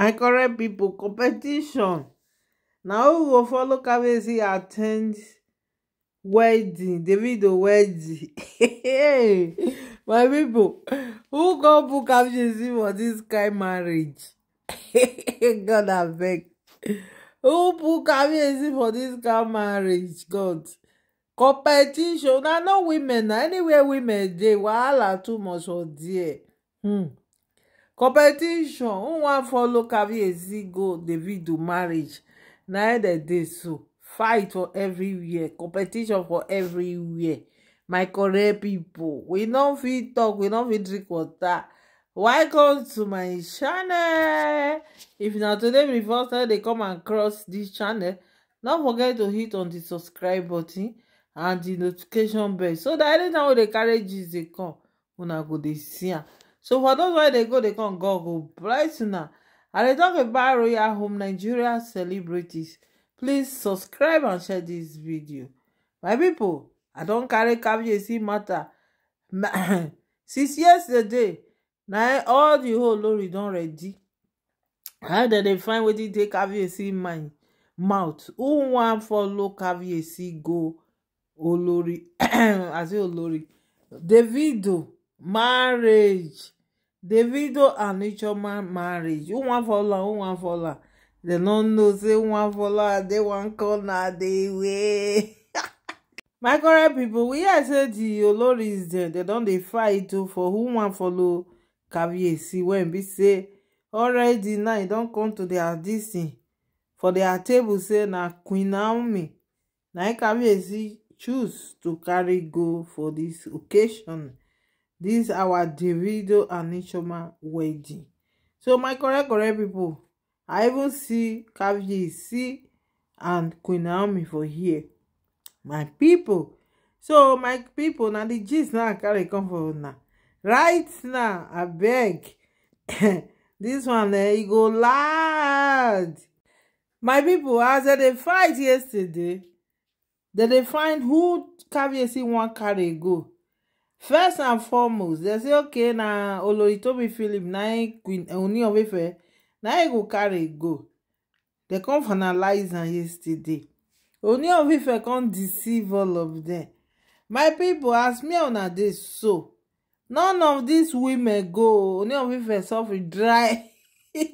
I correct people competition Now we go follow cavezi attend wedding the wedding my people, who go book cavezi for dis kain marriage god abeg who book cavezi for dis kain marriage god competition na no women na anywhere women they wahala too much for there hmm competition who wan follow Kabiyesi go Davido marriage na dem dey so fight for everywhere competition for everywhere my correct people. we no fit talk we no fit drink water welcome to my channel if na today be first time dey come and cross dis channel no forget to hit on the subscribe button and the notification bell so that anytime wey dey carry gist dey come una go dey see am so for those wey they go they come go go bright una i dey talk about royal home nigeria celebrities please subscribe and share this video my people. i don't carry cabbie matter since yesterday Now all di whole lorry don't ready how did they find They take cabbie my mouth who wan follow cabbie go olori as olori davido marriage davido and ichoma marriage want one fola one fola dem no know say one They want call corner dey way my correct people, we said the Lord is dem They don't they fight too for who want follow caviarcy when we say already now e don come to their dis thing for their table say na queen naomi na e im caviarcy choose to carry go for this occasion this our Davido and Nnechioma wedding so my correct correct people I even see Kaviyesi and Queen Naomi for here my people so my people na the gist na carry come for una right now beg. this one eh e go loud my people as dem dey fight yesterday dem dey find who Kaviyesi want carry go first and foremost dem say okay na oloritobi philip na queen eh, oni of ife na e go carry go dem come finalize am yesterday oni of ife come deceive all of dem my people as me una dey so none of these women go oni of ife suffer dry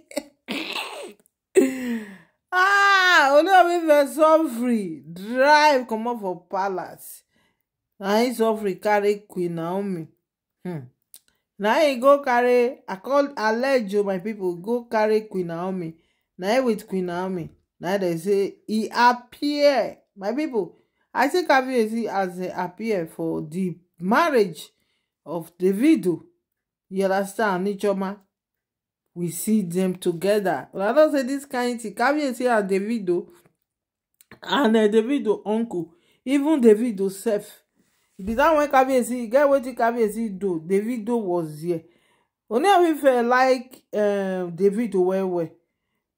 ah oni of ife suffer drive comot for palace na him suffering carry queen naomi hmm. na him go carry i call alejo my people. go carry queen naomi na him with queen naomi na dem say he appear my people. i say kabiyesi as he appear for di marriage of davido you understand and ichoma we see dem togeda but i know say dis kain tin kabiyesi and davido and eh, davido uncle even davido sef be that when kabiyesi get wetin kabiyesi do davido was there Ooni of Ife like um, davido well well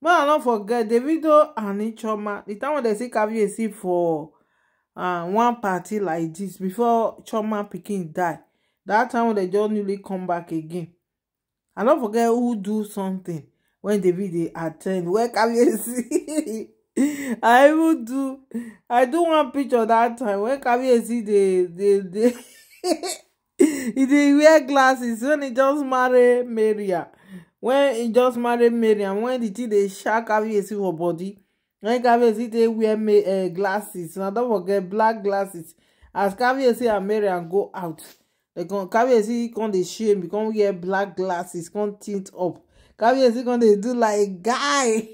But i don't forget davido and chioma the time when dem see kabiyesi for uh, one party like this before Choma picking die that time when they just newly come back again i don't forget who do something when david dey at ten d wey i even do i do one picture that time wen kabiyesi dey dey dey e dey wear glasses when he just married maria When he just married maria when the thing they shark kabiyesi for body wen kabiyesi they wear uh, glasses na don forget black glasses as kabiyesi and maria go out kabiyesi come dey shame come wear black glasses come tint up kabiyesi come dey do like guy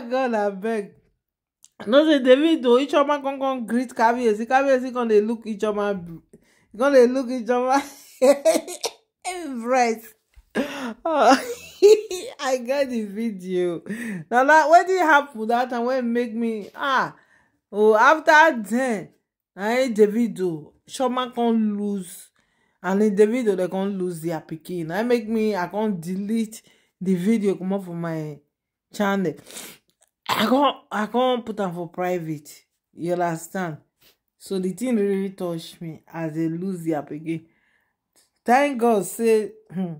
god abeg know say davido oh, ichoma come come greet See kabiyesi see. come they look each ichoma come they look each ichoma breast i get the video na that wetin happen that time wey make me ah oh after then na him e davido oh, chioma come lose and e David oh, davido they come lose their pikin I e make me i come delete the video comot for my channel i can't, i can't put am for private you understand so the thing really touched me as they lose their again. thank god say hmm.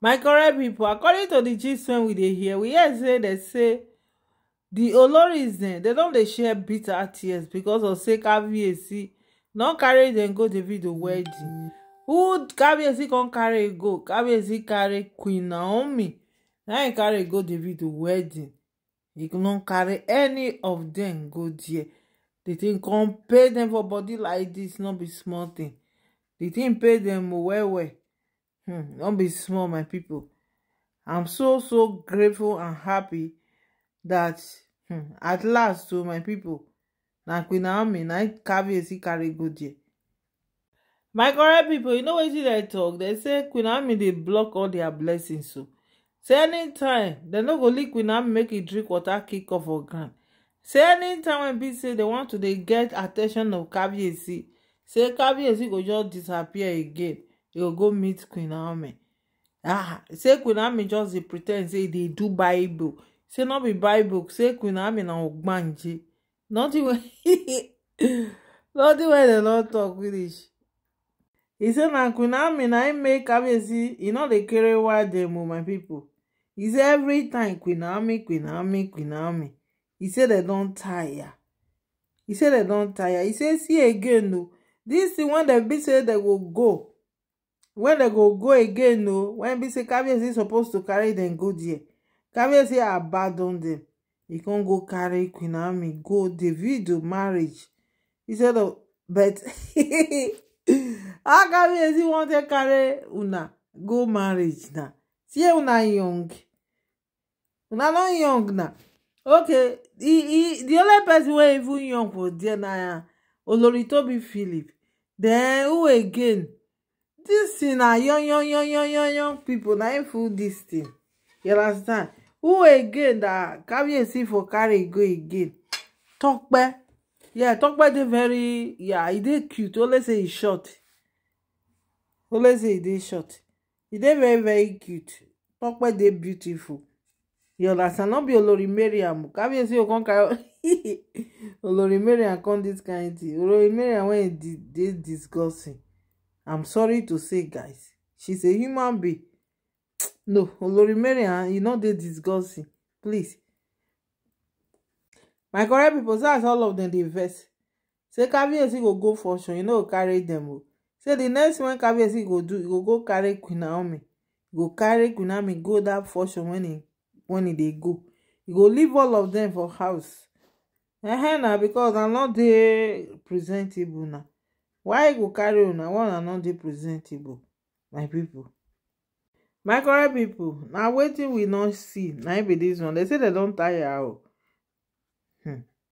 my correct people. according to the gist when we dey hear we hear say they say the olor is there. They don't they share bitter tears because of say caviarcy don carry dem go to the wedding who caviarcy can carry go caviarcy carry queen naomi na im carry go to the wedding you don't carry any of them, go there di tin come pay dem for body like this. no be small tin di tin pay them well well hmm no be small my people. i'm so so grateful and happy that hmm at last to oh, my people, na queen naomi carry caviezi carry go there my correct people, you know what they talk They say queen naomi dey block all their blessings So. Oh. say anytime dem no go lick queen na make e drink water kick off for ground say anytime when e be say dem want to dey get attention of kabiyesi say kabiyesi go just disappear again e go go meet queen amy ah say queen amy just dey pretend say e dey do bible say no be bible say queen amy na ogbanje nothing wey nothing wey dem don talk finish e say na queen naomi na im make kabiyesi e no dey carry wild dem o my pipo e say every time queen naomi queen naomi queen naomi e say dem don tire e say dem don tire e say see again o oh. dis thing wen dem be say dem go go wen dem go go again o oh, wen be say kabiyesi suppose to carry dem go there kabiyesi abandon dem e con go carry queen naomi go davido marriage instead of oh, but how kabiyesi wan take carry una go marriage na see una young una no young na okay the only person wey even young for there na oloritobi philip Then who again This thing na young young young young young young people. na im full this thing you understand who again na kabiyesi for carry go again tope yeah tope dey very yeah he' dey cute only say he' short only say he' dey short He' dey very very cute tope dey beautiful you understand no be olori mariam kábíyèsí o kan carry olori mariam come this kind thing olori mariam when e dey disgusting i'm sorry to say guys she's a human being no olori mariam you no dey disgusting please my correct pipo say as all of dem dey vex say kábíyèsí go go function you no go carry dem o say di next one kábíyèsí go do e go go carry queen naomi go carry queen naomi go dat function wen e When e dey go e go leave all of them for house ehn na because I'm not the presentable now. why e go carry on? una one i no dey presentable my people, my correct pipo na wetin we not see Now, im be dis one they say they don't tire out.